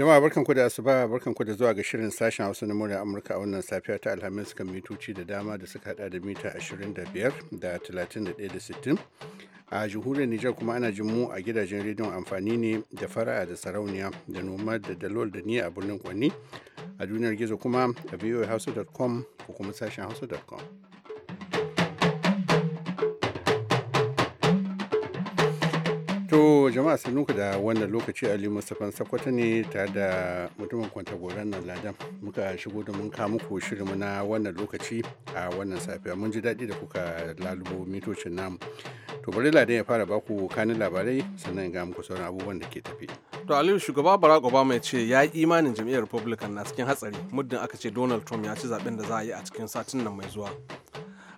Jama'a barkanku da asuba barkanku da zuwa ga shirin sashen Hausa na murya Amurka a wannan safiya ta Alhamis kan mitoci da dama da suka hada da mita 25 da 31 da 60. A jihuriyar Nijar kuma ana jin mu a gidajen rediyon amfani ne da fara'a da sarauniya da noma da dalol da ni a birnin Kwanni a duniyar gizo kuma a voahausa.com ko kuma sashen hausa.com. To jama'a sun nuka da wannan lokaci Ali Mustapha Sakwato ne ta da mutumin kwanta kwantagoran nan Ladan muka shigo da mun ka muku shirinmu na wannan lokaci a wannan safiya mun ji daɗi da kuka lalubo mitocin namu. To bari Ladan ya fara baku kanin labarai sannan ga muku sauran abubuwan da ke tafi. To Aliyu shugaba Barack Obama ya ce ya yi imanin jam'iyyar Republican na cikin hatsari muddin aka ce Donald Trump ya ci zaben da za a yi a cikin satin nan mai zuwa.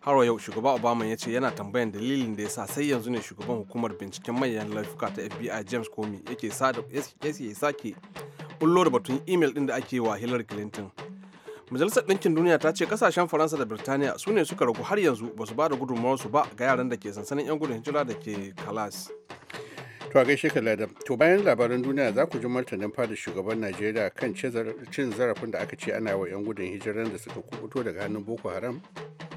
har yau shugaba obama ya ce yana tambayan dalilin da ya sa sai yanzu ne shugaban hukumar binciken manyan laifuka ta fbi james comey yake sake bullo da batun imel din da ake wa hillary clinton majalisar ɗinkin duniya ta ce kasashen faransa da birtaniya su ne suka ragu har yanzu ba su ba da gudunmawarsu ba ga yaran da ke sansanin 'yan gudun hijira da ke kalas To a gaishe Ladan, to bayan labaran duniya za ku ji martanin fada shugaban Najeriya kan cin zarafin da aka ce ana wa 'yan gudun hijirar da suka kubuto daga hannun Boko Haram?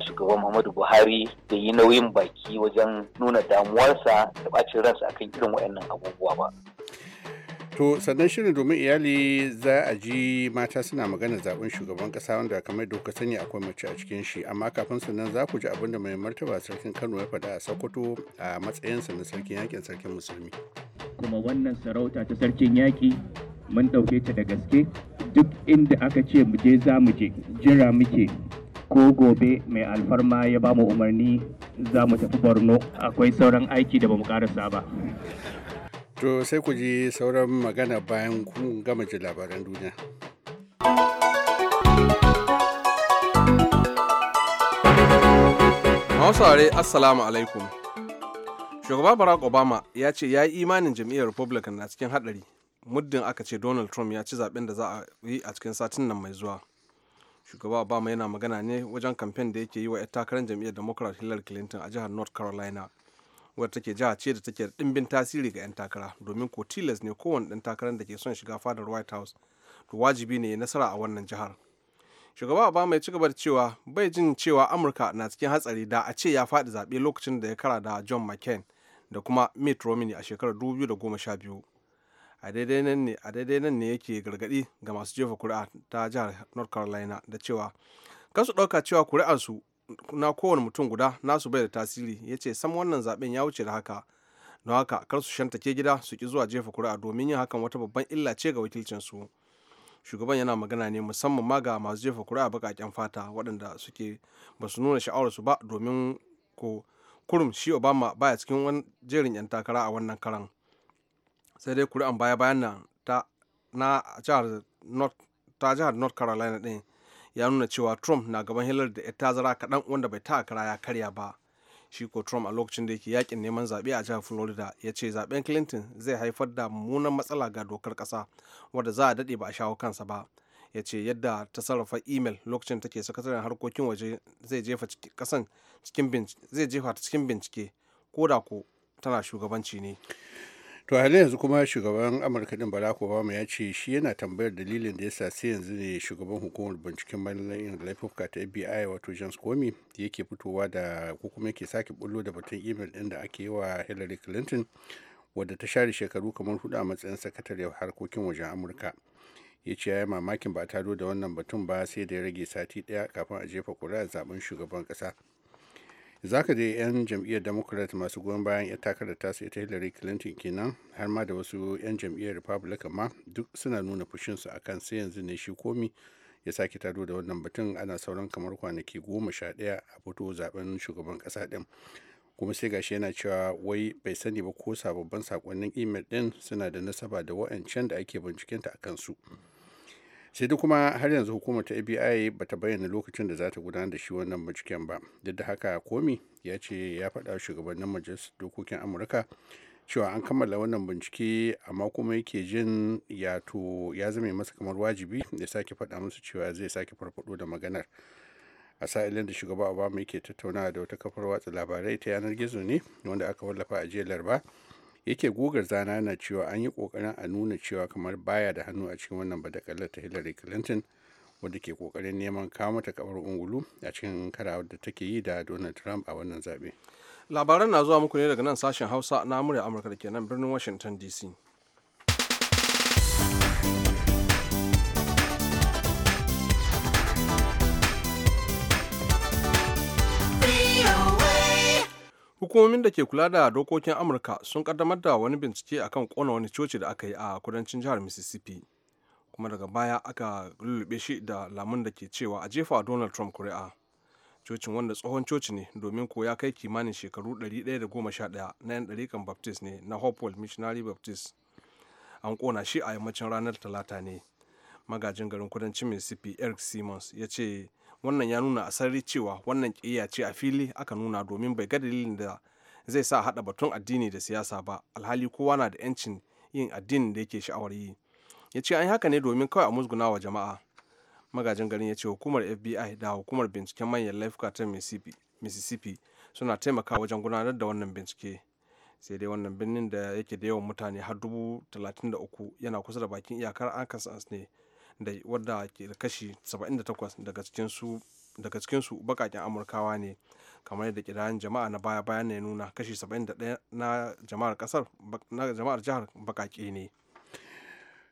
Shugaban Muhammadu Buhari da yi nauyin baki wajen nuna damuwarsa da ɓacin ransa akan irin waɗannan abubuwa ba. To sannan shirin domin iyali za a ji mata suna magana zaben shugaban ƙasa wanda kamar da kuka sani akwai mace a cikin shi amma kafin sannan za ku ji abin da mai martaba sarkin Kano ya faɗa a Sokoto a matsayinsa na sarkin yakin sarkin musulmi. Kuma wannan sarauta ta sarkin yaki mun ɗauke ta da gaske duk inda aka ce mu je za mu je jira muke ko gobe mai alfarma ya ba mu umarni za mu tafi borno akwai sauran aiki da ba mu karasa ba To sai ku ji sauran magana bayan kun gama ji labaran duniya. Hausare Assalamu alaikum. Shugaba Barack Obama ya ce ya yi imanin jam'iyyar Republican na cikin haɗari muddin aka ce Donald Trump ya ci zaben da za a yi a cikin satin nan mai zuwa. Shugaba Obama yana magana ne wajen kamfen da yake yi wa 'yan takarar jam'iyyar Democrat Hillary Clinton a jihar North Carolina. wadda take jiha ce da take da ɗimbin tasiri ga 'yan takara domin ko tilas ne kowane ɗan takarar da ke son shiga fadar white house to wajibi ne ya nasara a wannan jihar shugaba obama ya ci gaba da cewa bai jin cewa amurka na cikin hatsari da a ce ya faɗi zaɓe lokacin da ya kara da john mccain da kuma mitt romney a shekarar 2012 a daidai nan ne yake gargaɗi ga masu jefa kuri'a ta jihar north carolina da cewa kasu ɗauka cewa kuri'arsu na kowane mutum guda nasu bai da tasiri ya ce sam wannan zaben ya wuce da haka don haka kar su shantake gida su ki zuwa jefa kuri'a domin yin hakan wata babban illa ce ga wakilcinsu shugaban yana magana ne musamman ma ga masu jefa kuri'a baƙaƙen fata waɗanda suke ba su nuna su ba domin ko kurum shi obama baya cikin wani jerin 'yan takara a wannan karan sai dai kuri'an baya-bayan nan ta jihar north jihar north carolina ɗin ya nuna cewa trump na gaban hillary da yar tazara kaɗan wanda bai ta kara ya karya ba shi ko trump a lokacin da yake yakin neman zaɓe a jihar florida ya ce zaɓen clinton zai haifar da mummunan matsala ga dokar ƙasa wadda za a daɗe ba a shawo kansa ba ya ce yadda ta sarrafa imel lokacin take sakataren harkokin waje zai jefa kasan cikin bincike zai jefa ta cikin bincike ko da ko tana shugabanci ne to halin yanzu kuma shugaban amurka din barack obama ya ce shi yana tambayar dalilin da ya sa sai yanzu ne shugaban hukumar binciken malayin laifuka ta fbi wato james comey yake fitowa da ko kuma yake sake bullo da batun email din da ake yi wa hillary clinton wadda ta share shekaru kamar hudu a matsayin sakatariyar harkokin wajen amurka ya ce ya yi mamakin ba a taro da wannan batun ba sai da ya rage sati daya kafin a jefa kuri'ar zaben shugaban kasa zaka je 'yan jam'iyyar democrat masu goyon bayan 'yan takarar tasu ita hillary clinton kenan har ma da wasu 'yan jam'iyyar republican ma duk suna nuna fushinsu a kan sai yanzu ne shi komi ya sake taro da wannan batun ana sauran kamar kwanaki goma sha ɗaya a fito zaben shugaban kasa ɗin kuma sai gashi yana cewa wai bai sani ba ko sababbin sakonnin imel ɗin suna da nasaba da wa'ancan da ake bincikenta a kansu. su sai da kuma har yanzu hukumar ta abi ba ta bayyana lokacin da za ta gudanar da shi wannan binciken ba duk da haka komi ya ce ya faɗa shugabannin majalisar dokokin amurka cewa an kammala wannan bincike amma kuma yake jin yato ya zame masa kamar wajibi ya sake faɗa musu cewa zai sake farfaɗo da maganar a sa'ilin da shugaba obama yake tattaunawa da wata kafar watsa labarai ta yanar gizo ne wanda aka wallafa a jiya laraba yake gogar zana na cewa an yi kokarin a nuna cewa kamar baya da hannu a cikin wannan badakalar ta hillary clinton wadda ke kokarin neman kawo mata kamar ungulu a cikin kara da take yi da donald trump a wannan zaɓe labaran na zuwa muku ne daga nan sashen hausa na murya amurka da ke nan birnin washington dc hukumomin da ke kula da dokokin amurka sun kaddamar da wani bincike akan kona wani coci da aka yi a kudancin jihar mississippi kuma daga baya aka lulluɓe shi da lamun da ke cewa a jefa donald trump kuri'a cocin wanda tsohon coci ne domin ko ya kai kimanin shekaru 111 na 'yan ɗarikan baptist ne na hopewell missionary baptist an kona shi a yammacin ranar talata ne magajin garin kudancin mississippi eric simmons ya ce wannan ya nuna a sarari cewa wannan ƙiyya ce a fili aka nuna domin bai ga dalilin da zai sa haɗa batun addini da siyasa ba alhali kowa na da 'yancin yin addinin da yake sha'awar yi ya ce an yi haka ne domin kawai a musguna wa jama'a magajin garin ya ce hukumar fbi da hukumar binciken manyan laifuka ta mississippi suna taimakawa wajen gudanar da wannan bincike sai dai wannan birnin da yake da yawan mutane har dubu talatin da uku yana kusa da bakin iyakar arkansas ne da wadda ke da kashi 78 daga cikinsu daga amurkawa ne kamar yadda kiran jama'a na baya bayan ya nuna kashi 71 na jama'ar kasar na jama'ar jihar bakaƙe ne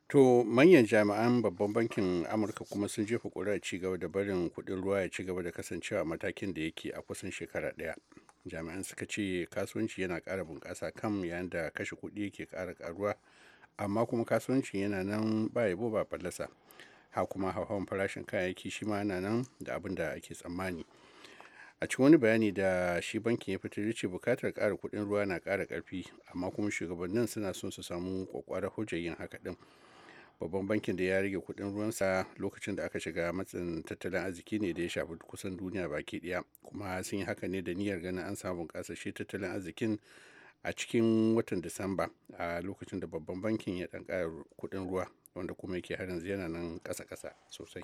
to manyan jami'an babban bankin amurka kuma sun jefa ƙuri'ar ci gaba da barin kuɗin ruwa ya ci gaba da kasancewa matakin da yake a kusan shekara ɗaya jami'an suka ce kasuwanci yana ƙara bunƙasa kan yayin da kashe kuɗi yake kara ƙaruwa amma kuma kasuwancin yana nan ba yabo ba fallasa ha kuma hauhawan farashin kayayyaki shi ma yana nan da abin da ake tsammani a cikin wani bayani da shi bankin ya fitar ya ce bukatar kara kuɗin ruwa na kara karfi amma kuma shugabannin suna son su samu ƙwaƙwarar hujjar yin haka ɗin babban bankin da ya rage kuɗin ruwansa lokacin da aka shiga matsin tattalin arziki ne da ya shafi kusan duniya baki ɗaya kuma sun yi haka ne da niyyar ganin an samu shi tattalin arzikin a cikin watan disamba a lokacin da babban bankin ya dan ƙara kuɗin ruwa wanda kuma yake har yanzu yana nan kasa kasa sosai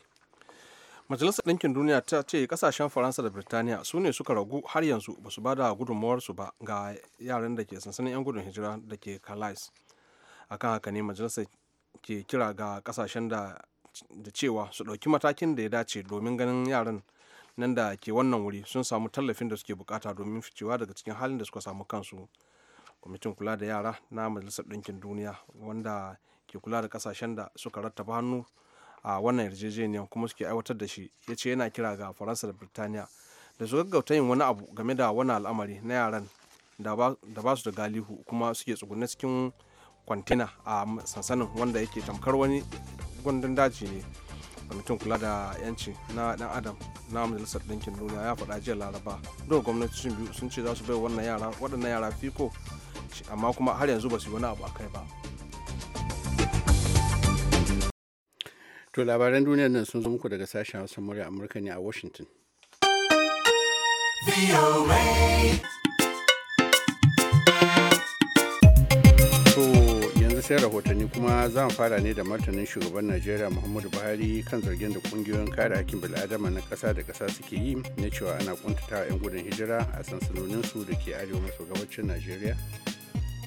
majalisar ɗinkin duniya ta ce kasashen faransa da birtaniya su ne suka ragu har yanzu ba su ba da ba ga yaran da ke sansanin 'yan gudun hijira da ke calais akan haka ne majalisar ke kira ga kasashen da cewa su ɗauki matakin da ya dace domin ganin yaran nan da ke wannan wuri sun samu tallafin da suke bukata domin ficewa daga cikin halin da suka samu kansu kwamitin kula da yara na majalisar ɗinkin duniya wanda ke kula da kasashen da suka rattaba hannu a wannan yarjejeniyar kuma suke aiwatar da shi ya ce yana kira ga faransa da birtaniya da su gaggauta yin wani abu game da wani al'amari na yaran da ba su da galihu kuma suke tsugunne cikin kwantena a sansanin wanda yake tamkar wani gundun daji ne kwamitin kula da yanci na dan adam na majalisar ɗinkin duniya ya faɗa jiya laraba dole gwamnatocin biyu sun ce za su bai wannan yara waɗannan yara fiko amma kuma har yanzu ba su yi wani abu a kai ba to labaran duniyar nan sun zo muku daga sashen hausa murya amurka ne a washington sai rahotanni kuma za mu fara ne da martanin shugaban najeriya muhammadu buhari kan zargin da kungiyoyin kare hakkin bil'adama na kasa da ƙasa suke yi na cewa ana kuntatawa 'yan gudun hijira a sansanoninsu da ke arewa maso gabacin najeriya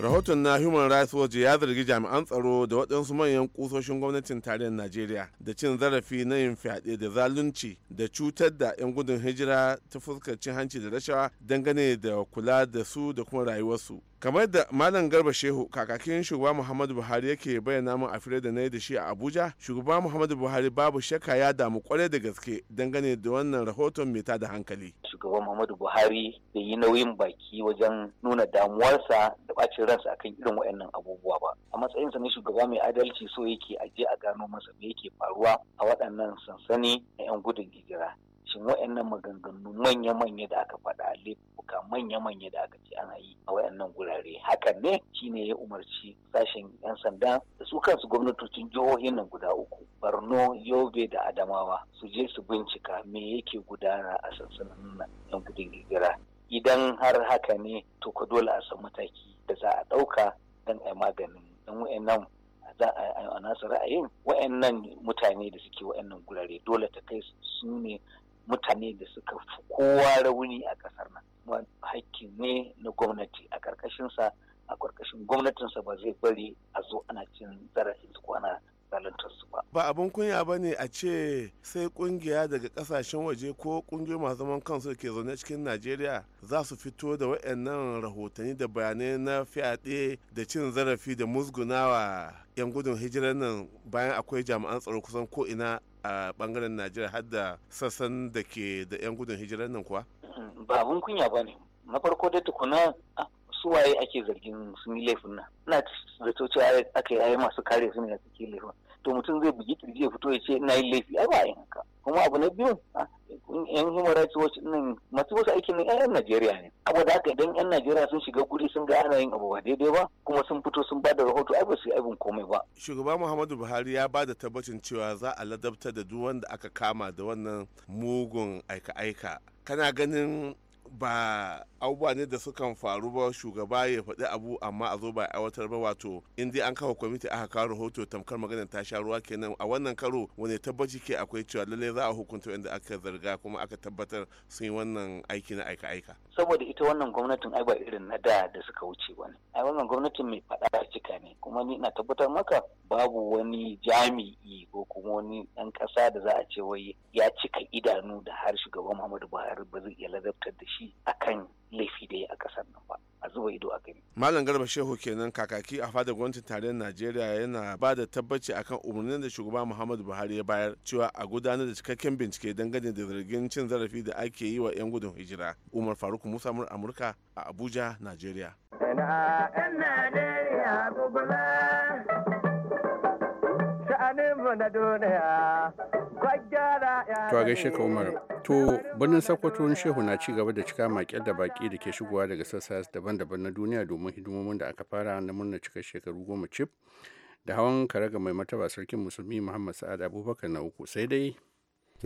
rahoton na human rights watch ya zargi jami'an tsaro da waɗansu manyan kusoshin gwamnatin tarihin najeriya da cin zarafi na yin fyaɗe da zalunci da cutar da 'yan gudun hijira ta fuskar cin hanci da rashawa dangane da kula da su da kuma rayuwarsu kamar da malam garba shehu kakakin shugaba muhammadu buhari yake bayyana min a da na yi da shi a abuja shugaba muhammadu buhari babu shakka ya damu kwarai da gaske dangane da wannan rahoton mai tada hankali shugaba muhammadu buhari bai yi nauyin baki wajen nuna damuwarsa da bacin ransa akan irin waɗannan abubuwa ba a matsayinsa na shugaba mai adalci so yake ke ajiye a gano masa me yake faruwa a waɗannan sansani na 'yan gudun hijira shin wayannan maganganu manya-manya da aka faɗa laifuka manya-manya da aka ce ana yi a wayannan gurare hakan ne shine ya umarci sashen 'yan sanda da su kansu gwamnatocin jihohin nan guda uku barno yobe da adamawa su je su bincika me yake gudana a sansanin nan 'yan gudun gigira idan har haka ne to ka dole a san mataki da za a ɗauka don a maganin dan wayannan za a nasu ra'ayin wa'annan mutane da suke wa'annan gurare dole ta kai su ne mutane da suka fi kowa rauni a ƙasar nan hakki ne na gwamnati a ƙarƙashinsa a ƙarƙashin gwamnatinsa ba zai bari a zo ana cin zarafi ko ana ba ba abin kunya ba ne a ce sai kungiya daga kasashen waje ko kungiyoyi masu zaman kansu ke zaune cikin najeriya za su fito da waɗannan rahotanni da bayanai na fyaɗe da cin zarafi da musgunawa 'yan gudun hijirar nan bayan akwai jami'an tsaro kusan ko ina a bangaren najeriya har da sassan da ke da 'yan gudun hijirar nan kuwa mm, ba abin kunya ba ne na farko dai tukuna su waye ake zargin sun yi laifin nan ina zato cewa aka yayi masu kare su ne da suke laifin to mutum zai bugi kirji ya fito ya ce ina yi laifi ai ba yi haka kuma abu na biyu yan human rights watch nan masu wasu aikin nan yan Najeriya ne abu da aka idan yan Najeriya sun shiga guri sun ga ana yin abu ba daidai ba kuma sun fito sun da rahoto ai ba su yi abin komai ba shugaba Muhammadu Buhari ya ba da tabbacin cewa za a ladabtar da duk wanda aka kama da wannan mugun aika-aika kana ganin ba abubuwa ne da sukan faru ba shugaba ya faɗi abu amma a zo ba aiwatar ba wato in dai an kawo kwamiti aka kawo rahoto tamkar maganar ta sha ruwa kenan a wannan karo wani tabbaci ke akwai cewa lallai za a hukunta wanda aka zarga kuma aka tabbatar sun yi wannan aiki na aika-aika. saboda ita wannan gwamnatin ai ba irin na da da suka wuce ba ne ai wannan gwamnatin mai faɗa a cika ne kuma ni na tabbatar maka babu wani jami'i ko kuma wani ɗan ƙasa da za a ce wai ya cika idanu da har shugaban muhammadu buhari ba zai iya ladabtar da shi akan laifi da ya a ƙasar nan ba a zuba ido a gani. Malam Garba Shehu kenan kakaki a fadar gwamnatin tarayyar Najeriya yana ba da tabbaci akan umarnin da shugaba Muhammadu Buhari ya bayar cewa a gudanar da cikakken bincike dangane da zargin cin zarafi da ake yi wa 'yan gudun hijira. Umar Faruk Musa Amurka a Abuja, Najeriya. na duniya to gaishe ka umar to birnin sakwatorin shehu na ci gaba da cika maƙil da baƙi da ke shigowa daga sassa daban-daban na duniya domin hidimomin da aka fara na murna cika shekaru goma cif da hawan karaga mai mataba sarkin musulmi muhammad sa'ad abubakar na uku sai dai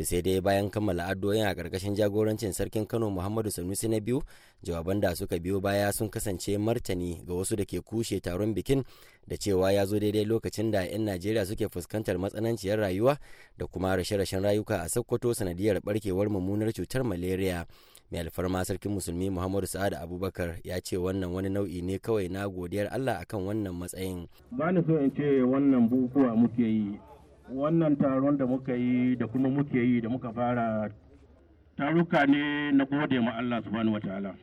to dai bayan kammala addu'o'in a ƙarƙashin jagorancin sarkin kano muhammadu sanusi na biyu jawaban da suka biyo baya sun kasance martani ga wasu da ke kushe taron bikin da cewa ya zo daidai lokacin da 'yan najeriya suke fuskantar matsananciyar rayuwa da kuma rashe-rashen rayuka a sokoto sanadiyar barkewar mummunar cutar malaria mai alfarma sarkin musulmi muhammadu sa'ad abubakar ya ce wannan wani nau'i ne kawai na godiyar allah akan wannan matsayin ba ni so in ce wannan bukuwa muke yi wannan taron da muka yi da kuma muke yi da muka fara taruka ne na gode ma Allah subhanahu wataala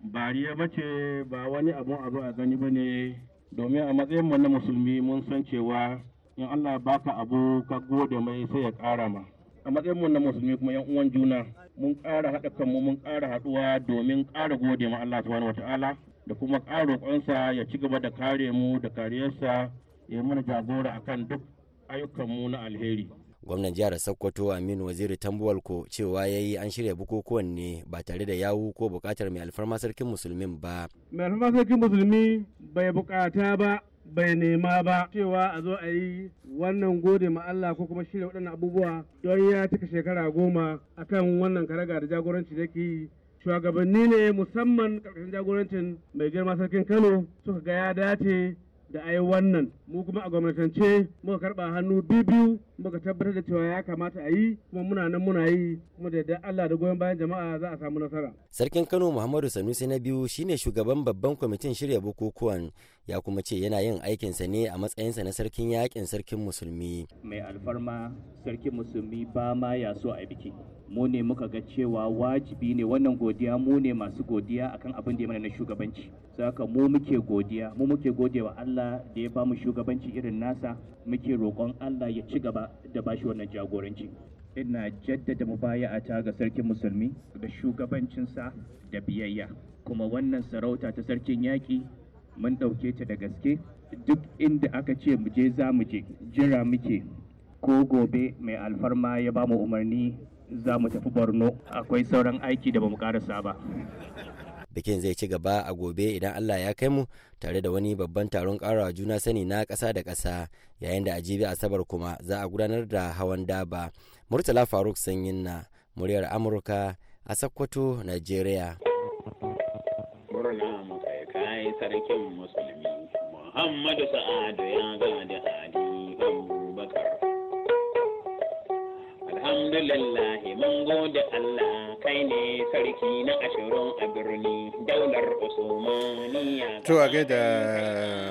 bariya ba ce ba wani abun abu a gani ba ne domin a matsayin mu na musulmi mun san cewa in Allah baka abu ka gode mai sai ya ƙara ma a matsayin mu na musulmi kuma yan uwan juna mun ƙara haɗa kanmu mun ƙara haɗuwa domin kara gode ma Allah subhanahu wataala da kuma ƙara roƙonsa ya ci gaba da kare mu da kariyarsa ya mana jagora akan duk ayyukanmu na alheri gwamnan jihar sokoto aminu waziri tambuwalko cewa ya yi an shirya bukukuwan ne ba tare da yawu ko bukatar mai alfarma sarkin musulmin ba mai alfarma sarkin musulmi bai bukata ba bai nema ba cewa a zo a yi wannan gode ma Allah ko kuma shirya waɗannan abubuwa don ya cika shekara goma akan wannan karaga da jagoranci da ke yi shugabanni ne musamman ƙarƙashin jagorancin mai girma sarkin kano suka ga ya dace da a yi wannan mu kuma a gwamnatance muka karba hannu biyu muka tabbatar da cewa ya kamata a yi kuma muna nan muna yi kuma da da Allah da goyon bayan jama'a za a samu nasara sarkin Kano Muhammadu Sanusi na biyu shine shugaban babban kwamitin shirya bukukuwan ya kuma ce yana yin aikinsa ne a matsayinsa na sarkin yakin sarkin musulmi mai alfarma sarkin musulmi ba ma ya so a biki mu ne muka ga cewa wajibi ne wannan godiya mu ne masu godiya akan abin da ya mana na shugabanci saka mu muke godiya mu muke wa Allah da ya bamu shugabanci irin nasa muke roƙon Allah ya ci gaba da bashi wannan jagoranci ina jaddada mubaya'ata ga sarkin musulmi da shugabancinsa da biyayya kuma wannan sarauta ta sarkin yaƙi mun ɗauke ta da gaske duk inda aka ce mu je za mu je jira muke ko gobe mai alfarma ya ba mu umarni za mu tafi borno akwai sauran aiki da ba mu karasa ba bikin zai ci gaba a gobe idan allah ya kai mu tare da wani babban taron karawa juna sani na ƙasa da ƙasa yayin da a jibi asabar kuma za a gudanar da hawan daba murtala faruk sanyin na muryar amurka a sakkwato nigeria kai sarkin musulmi muhammadu sa'adu ya gada hadi abubakar alhamdulillahi mun gode allah kai ne sarki na ashirin a birni daular usumaniya to a gaida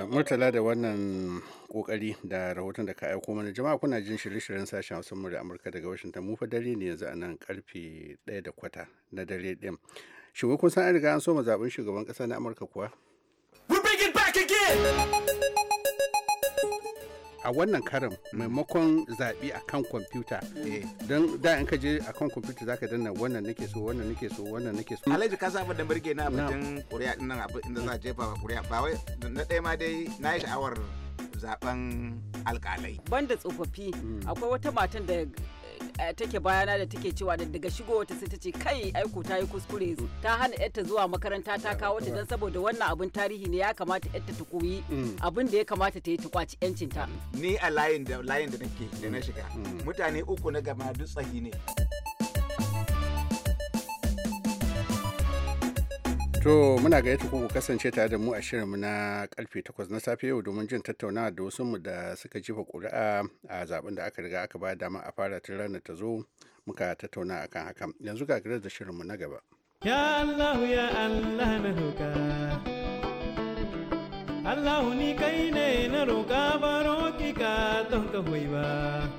murtala da wannan kokari da rahoton da ka aiko mana jama'a kuna jin shirye-shiryen sashen hausa da amurka daga washington mu dare ne yanzu a nan karfe 1 da kwata na dare din shugo kun san an riga an soma zaben shugaban ƙasa na amurka kuwa a wannan karin maimakon zaɓi a kan kwamfuta eh. don da in ka je a kan kwamfuta zaka danna wannan nake so wannan nake so wannan nake so alhaji ka samu da birge na abin kuriya din nan abin inda za a jefa ba kuriya ba wai na ɗaya ma dai na yi sha'awar zaɓen alƙalai banda tsofaffi hmm. akwai wata matan da Eh, take bayana da take cewa da daga shigo ta sai ta ce kai aiko ta yi kuskure ta hana yarta zuwa makaranta ta kawo ta dan saboda wannan abin tarihi ne ya kamata yarta ta koyi mm. abin da ya kamata ta yi ta kwaci yancin ta ni a layin da layin da nake da na mm. shiga mm. mutane uku na gama duk tsahi ne To muna ga yadda ku kasance tare da mu a shirin mu na karfe 8 na safe yau domin jin tattaunawa da wasu mu da suka jefa ƙuri'a a zaben da aka riga aka ba dama a fara tun ranar ta zo muka tattauna akan hakan. Yanzu ga da shirinmu na gaba. Ya Allah ya Allah na roƙa. Allah ni kai ne na roƙa ba roƙi ka don ka hoyi ba.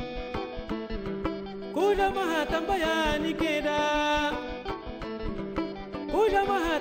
Ku jama'a tambaya ni ke da jama'a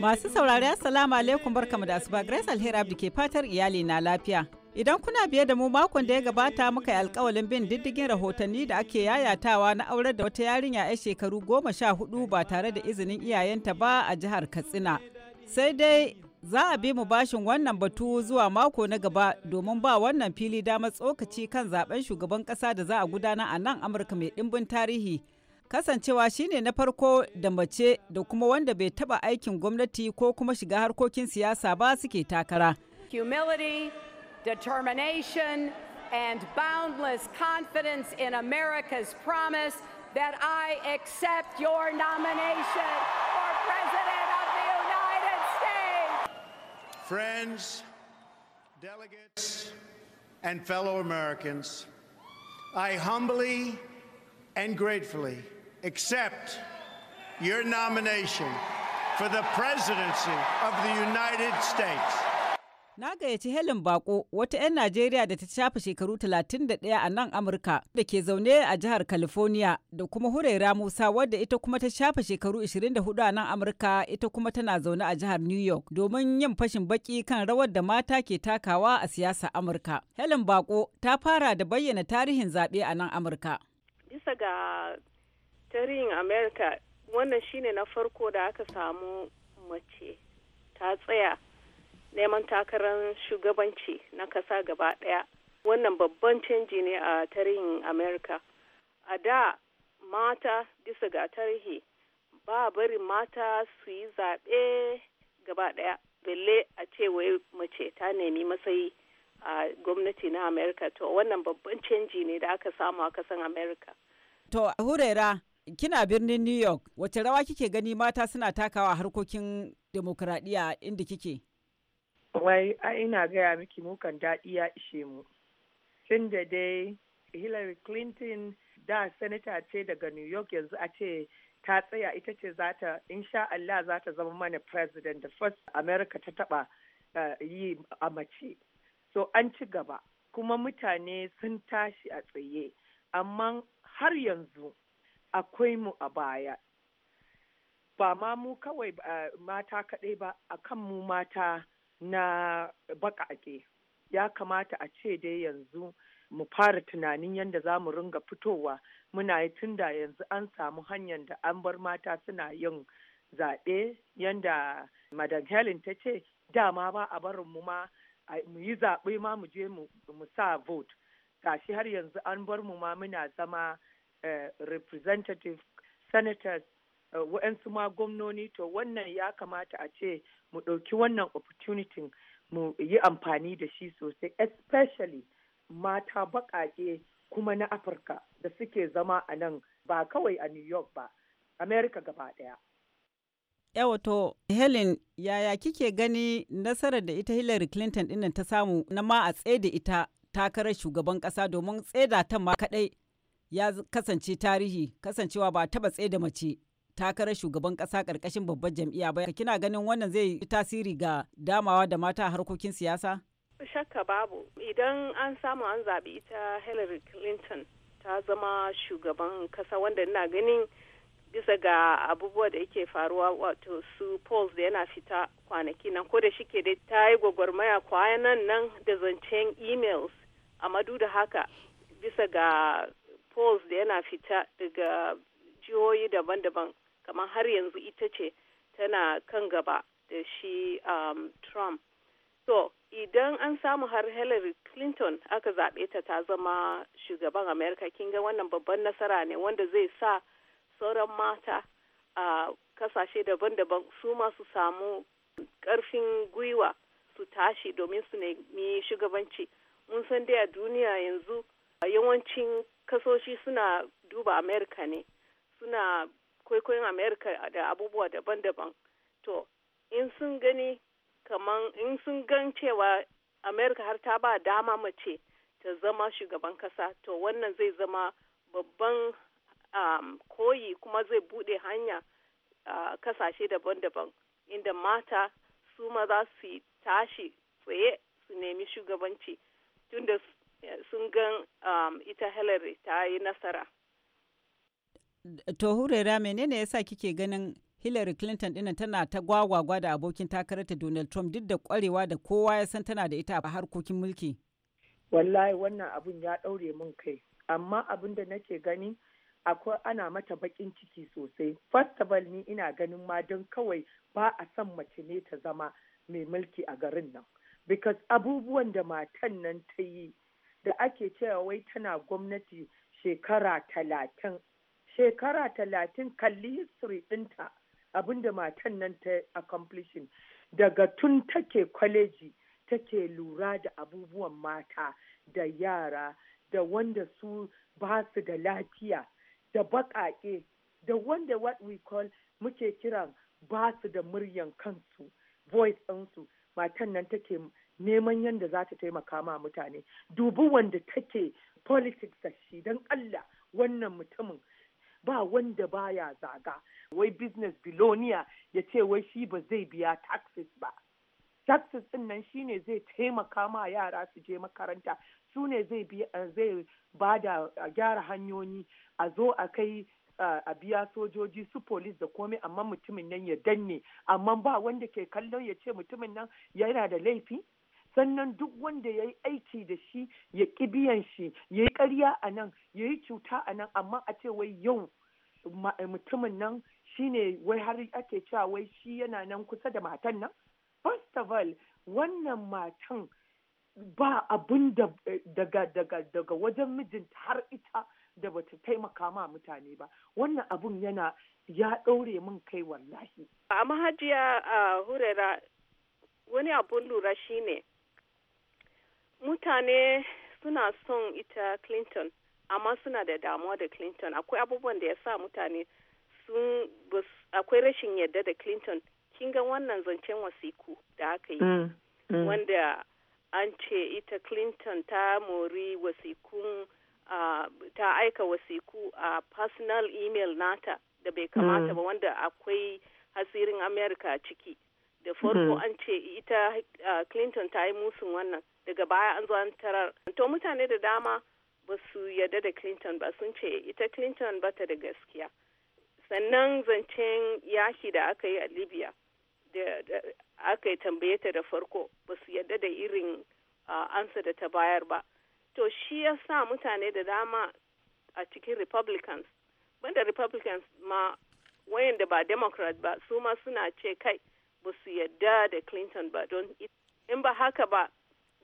Masu saurari Assalamu alaikum barkamu da asuba Grace Alheri Abdi ke fatar iyali na lafiya. Idan kuna biye da mu makon da ya gabata muka yi alkawalin bin diddigin rahotanni da ake yayatawa na aurar da wata yarinya ya shekaru goma sha hudu ba tare da izinin iyayenta ba a jihar Katsina. Sai dai za a bi mu bashin wannan batu zuwa mako na gaba domin ba wannan fili damar tsokaci kan zaben shugaban kasa da za a gudana a nan amurka mai dimbin tarihi kasancewa shine na farko da mace da kuma wanda bai taba aikin gwamnati ko kuma shiga harkokin siyasa ba suke takara humility determination and boundless confidence in america's promise that i accept your nomination Friends, delegates, and fellow Americans, I humbly and gratefully accept your nomination for the presidency of the United States. Na gayyaci Helen Bako wata 'yan Najeriya da ta shafa shekaru 31 a nan Amurka da ke zaune a jihar California da kuma Huraira Musa wadda ita kuma ta shafa shekaru 24 a nan Amurka ita kuma tana zaune a jihar New York domin yin fashin baki kan rawar da mata ke takawa a siyasa Amurka. Helen Bako ta fara da bayyana tarihin zaɓe a nan Amurka. Bisa ga tarihin Amurka wannan shine na farko da aka samu mace ta tsaya neman takarar shugabanci na kasa gaba ɗaya wannan babban canji ne a tarihin america a da mata bisa ga tarihi ba bari mata su yi zaɓe gaba ɗaya belle a ce wai mace ta nemi matsayi a gwamnati na america to wannan babban canji ne da aka samu a kasan america to hurera kina birnin new york wace rawa kike gani mata suna takawa harkokin demokradiyya inda kike wai ina gaya miki mukan daɗi ya ishe mu tun da dai hillary clinton da senator ce daga new york yanzu a ce ta tsaya ita ce za ta insha Allah za ta zama mana president da first america ta taba eh, yi a mace so an ci gaba kuma mutane sun tashi a tsaye amma har yanzu akwai mu a baya ba ma mu kawai eh, mata kaɗai ba a kan mu mata na bakake ya kamata a ce dai yanzu mu fara tunanin yadda za mu ringa fitowa muna yi tun yanzu an samu hanyar da an bar mata suna yin zaɓe yadda madam helen ta ce dama ba a barin mu ma mu yi zaɓe ma mu je mu sa vote gashi har yanzu an bar mu ma muna zama eh, representative senators eh, wa'yansu ma gwamnoni to wannan ya kamata a ce mu ɗauki wannan opportunity mu yi amfani da shi sosai especially mata baƙaƙe kuma na afirka da suke zama a nan ba kawai a new york ba america gaba ɗaya yawato helen yaya kike gani nasarar da ita hillary clinton dinnan ta samu na ma a tsaye da ita takarar shugaban kasa domin tseda ta ma kadai ya kasance tarihi kasancewa ba taba tsaye da mace takarar shugaban kasa karkashin babbar jam'iyya ba kina ganin wannan zai yi tasiri ga damawa da mata harkokin siyasa shakka babu idan an samu an zaɓi ita hillary clinton ta zama shugaban kasa wanda ina ganin bisa ga abubuwa da yake faruwa wato su polls da yana fita kwanaki nan ko da shike dai ta yi gwagwarmaya kwanan nan da zancen emails amadu da haka bisa ga polls da yana fita daga jihohi daban-daban kamar har yanzu ita ce tana kan gaba da shi um, trump so idan an samu har hillary clinton aka zaɓe ta ta zama shugaban america kin ga wannan babban nasara ne wanda zai sa sauran mata a uh, kasashe daban-daban su masu samu ƙarfin gwiwa su tashi domin su nemi shugabanci mun san dai a duniya yanzu a yawancin kasoshi suna duba america ne suna kwaikwayon america da abubuwa daban-daban to in sun gani kaman in sun gan cewa america har ta ba dama mace ta zama shugaban kasa to wannan zai zama babban um, koyi kuma zai bude hanya uh, kasashe daban-daban inda mata su ma za su tashi tsaye su nemi shugabanci tunda sun gan um, ita hillary ta yi nasara to ne menene yasa kike ganin Hillary Clinton dinan tana ta gwagwagwa da abokin takararta Donald Trump duk da kwarewa da kowa ya san tana da ita a harkokin mulki. Wallahi wannan abun ya ɗaure mun kai, amma abin da nake gani akwai ana mata baƙin ciki sosai. First of all ni ina ganin ma don kawai ba a son mace ne ta zama mai mulki a garin nan. Because abubuwan da matan nan ta yi da ake cewa wai tana gwamnati shekara talatin shekara talatin kalli history ɗinta abinda matan nan ta accomplishing daga tun take kwaleji take lura da abubuwan mata da yara da wanda su ba su da lafiya da baƙaƙe da wanda what we call muke kiran ba su da muryan kansu voice ɗinsu matan nan take neman yadda za ta taimaka ma mutane dubu wanda take politics da shi don Allah wannan mutumin ba wanda baya zaga wai business biloniya ya ce wai shi ba zai biya taxes ba taxes din nan shine zai taimaka ma yara su je makaranta su ne zai eh, ba da eh, gyara hanyoyi a zo a kai eh, a biya sojoji su polis da komai amma mutumin nan ya danne amma ba wanda ke kallon ya ce mutumin nan yana da laifi sannan duk wanda ya yi aiki da shi ya ƙi biyan shi ya yi ƙarya a nan ya yi cuta a nan amma a ce wai yau mutumin nan shi ne wai har ake cewa wai shi yana nan kusa da matan nan first of all wannan matan ba abin daga daga daga wajen mijinta har ita da bata taimaka ma mutane ba wannan abun yana ya ɗaure min kai wallahi amma hajiya hurera wani abun lura shine mutane suna son ita clinton amma suna da damuwa da clinton akwai abubuwan da ya sa mutane sun akwai rashin yadda da clinton kin ga wannan zancen wasiku da aka yi mm, mm. wanda an ce ita clinton ta mori wasikun ta aika wasiku a personal email nata da bai kamata mm. ba wanda akwai hasirin america a ciki da farko an ce ita clinton ta yi musun wannan daga baya an zo an tarar to mutane da dama ba su yarda da clinton ba sun ce ita clinton ba ta da gaskiya sannan zancen yaki da aka yi a libya da aka yi tambaye ta da farko ba su yarda da irin ansa da ta bayar ba to shi ya sa mutane da dama a cikin republicans banda republicans ma wayanda ba democrat ba su ma suna ce kai ba su yarda da clinton ba don in ba haka ba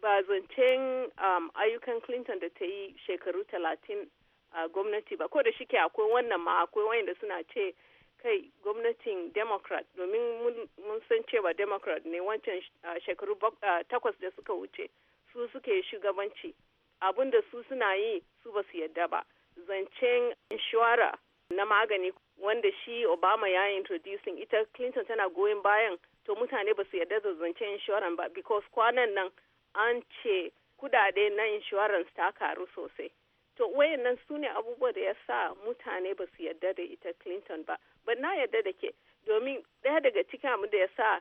ba zancen um, ayyukan clinton da ta yi shekaru talatin a uh, gwamnati ba ko da shike akwai wannan ma akwai wayanda suna ce kai gwamnatin democrat domin mun san cewa democrat ne wancan uh, shekaru uh, takwas da suka wuce su suke shugabanci abin da su suna yi su ba su yadda ba zancen inshora na magani wanda shi obama ya introducing ita clinton tana goyon bayan to mutane ba su yarda da zancen inshoran ba because kwanan nan an ce kudade na insurance ta karu sosai to wayannan su ne abubuwa da ya sa mutane ba su yarda da ita clinton ba ba na yarda da ke domin ɗaya daga cikin abin da ya sa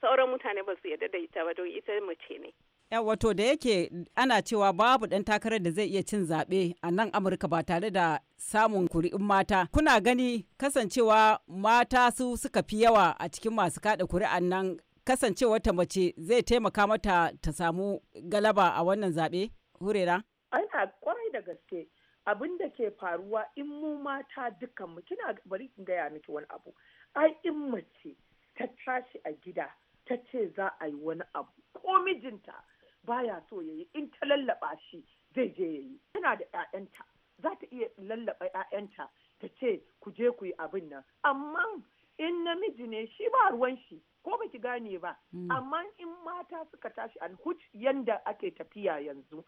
sauran mutane ba su yarda da ita ba don ita mace ne wato da yake ana cewa babu ɗan takarar da zai iya cin zaɓe a nan amurka ba tare da samun kuri'un mata kuna gani kasancewa mata su suka fi yawa a cikin masu kaɗa kuri'an nan kasance wata mace zai taimaka mata ta samu galaba a wannan zaɓe hurera? Ana kwarai da gaske abin da ke faruwa in mu mata mu kina bari in gaya miki wani abu ai in mace ta tashi a gida ta ce za a yi wani abu ko mijinta baya so ya yi in ta lallaba shi zai je ya yi tana da 'ya'yanta za ta iya lallaba 'ya'yanta ta ce ku je ku yi abin nan amma in namiji ne shi ba ruwan shi ko baki gane ba hmm. amma in mata suka tashi alhuj yanda ake tafiya yanzu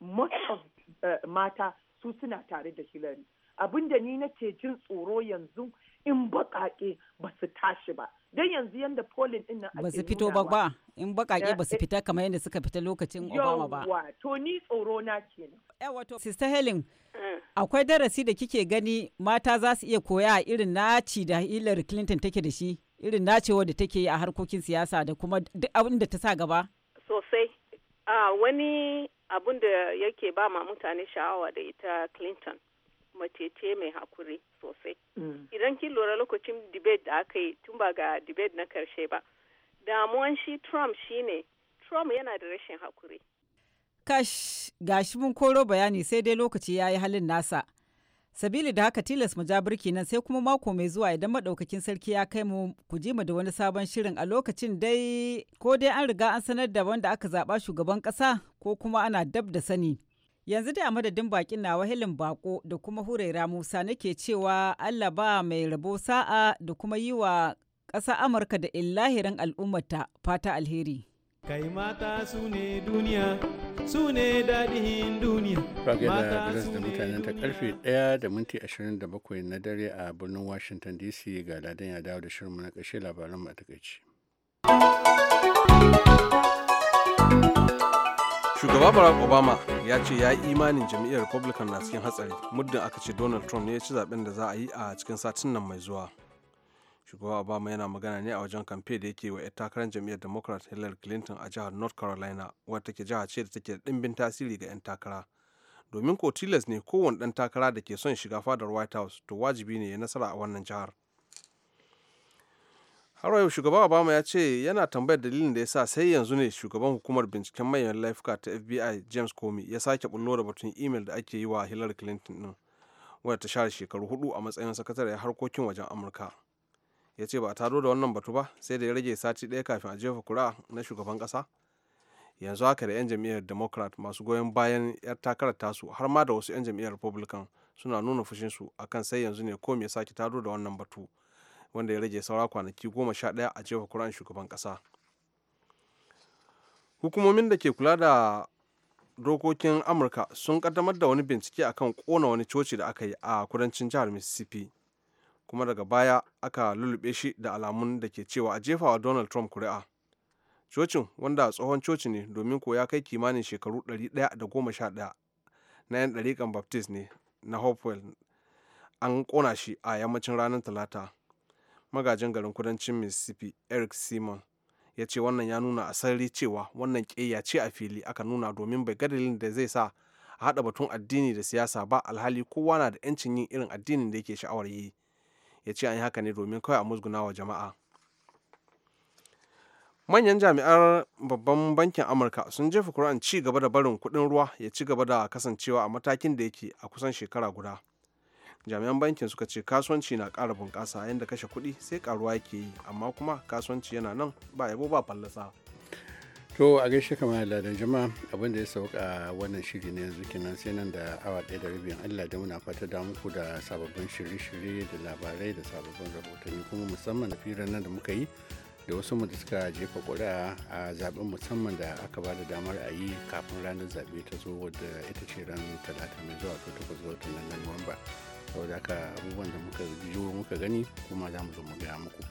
most of eh, mata su suna tare da Hillary abinda ni nake jin tsoro yanzu in baƙaƙe ba su tashi ba don yanzu yanda polin din nan ba su fito ba ba in bakake ba su eh, fita kamar yadda suka fita lokacin obama ba yawa to ni tsoro na kenan eh wato sister helen mm. akwai darasi da kike gani mata za su iya koya irin naci da hillary clinton take da shi irin nacewa da take yi a harkokin siyasa da kuma duk abin da ta sa gaba sosai ah, wani abun da yake ba ma mutane sha'awa da ita clinton mace mai hakuri sosai mm. idan kin lura lokacin debate da aka yi tun ba ga debate na karshe ba damuwan shi trump shine trump yana da rashin hakuri kash gashi mun koro bayani sai dai lokaci ya yi halin nasa sabili da haka tilas mu ja birki nan sai kuma mako mai zuwa idan madaukakin sarki ya kai mu ku ji mu da wani sabon shirin a lokacin dai ko dai an riga an sanar da wanda aka zaba shugaban kasa ko kuma ana dab da sani Yanzu da madadin bakin nawa Helen Bako da kuma Huraira Musa nake cewa Allah ba mai rabo sa'a da kuma yi wa ƙasa Amurka da illahirin al'ummata fata alheri. Kai mata su ne duniya, su ne daɗin duniya. mata su da mutanen ta karfe 1 da minti 27 na dare a birnin Washington DC ga ladan ya dawo da shirin na ƙarshe labaran matakaici. shugaba barack obama ya ce ya yi imanin jam'iyyar republican na cikin hatsari muddin aka ce donald trump ne ya ci zaben da za a yi a cikin satin nan mai zuwa shugaba obama yana magana ne a wajen kamfe da yake wa 'yan takarar jam'iyyar democrat hillary clinton a jihar north carolina wadda take jiha ce da take da ɗimbin tasiri ga 'yan takara domin ko tilas ne kowane ɗan takara da ke son shiga fadar white house to wajibi ne ya nasara a wannan jihar har yau shugaba obama ya ce yana tambayar dalilin da ya sa sai yanzu ne shugaban hukumar binciken manyan laifuka ta fbi james comey ya sake bullo da batun imel da ake yi wa hillary clinton din wadda ta share shekaru hudu a matsayin sakatare harkokin wajen amurka ya ce ba a taro da wannan batu ba sai da ya rage sati daya kafin a jefa kura na shugaban kasa yanzu haka da 'yan jam'iyyar democrat masu goyon bayan 'yar takarar tasu har ma da wasu 'yan jam'iyyar republican suna nuna fushinsu akan sai yanzu ne ko ya sake taro da wannan batu wanda ya rage saura kwanaki goma sha ɗaya a jefa kuran shugaban ƙasa hukumomin da ke kula da dokokin amurka sun kaddamar da wani bincike akan kona wani coci da aka yi a kudancin jihar mississippi kuma daga baya aka lulluɓe shi da alamun da ke cewa a jefawa donald trump kuri'a cocin wanda tsohon coci ne domin ko ya kai kimanin shekaru da goma 111 na 'yan ɗariƙan baptist ne na hopewell an kona shi a yammacin ranar talata magajin garin kudancin mississippi eric simon ya ce wannan ya nuna a cewa wannan ƙeya ce a fili aka nuna domin bai ga da zai sa a haɗa batun addini da siyasa ba alhali kowa na da 'yancin yin irin addinin da yake sha'awar yi ya ce an yi haka ne domin kawai a musguna wa jama'a manyan jami'ar babban bankin amurka sun jefa kuri'an ci gaba da barin kuɗin ruwa ya ci gaba da kasancewa a matakin da yake a kusan shekara guda jami'an bankin suka ce kasuwanci na ƙara bunƙasa yadda kashe kuɗi sai ƙaruwa yake yi amma kuma kasuwanci yana nan ba yabo ba fallasa to a gaishe kamar da jama'a abin da ya sauka wannan shiri ne yanzu kenan sai nan da awa ɗaya da rabin allah da muna fata da muku da sababbin shirye-shirye da labarai da sababbin rahotanni kuma musamman a firar nan da muka yi da wasu mu da suka jefa ƙuri'a a zaɓen musamman da aka ba da damar a yi kafin ranar zaɓe ta zo wadda ita ce ranar talata mai zuwa ta takwas ga watan nuwamba saboda haka abubuwan da muka jiwo muka gani kuma za mu zo mu gaya muku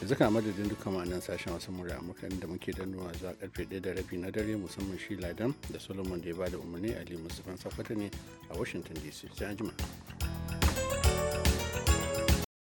yanzu kan madadin dukkan ma'anan sashen wasu murya muka da muke danuwa zuwa karfe 1 da rabi na dare musamman shi ladan da solomon da ya bada umarni ali musulman sakwata ne a washington dc sai jima.